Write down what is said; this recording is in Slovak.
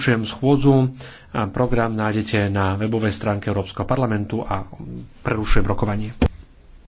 Ukončujem schôdzu. Program nájdete na webovej stránke Európskeho parlamentu a prerušujem rokovanie.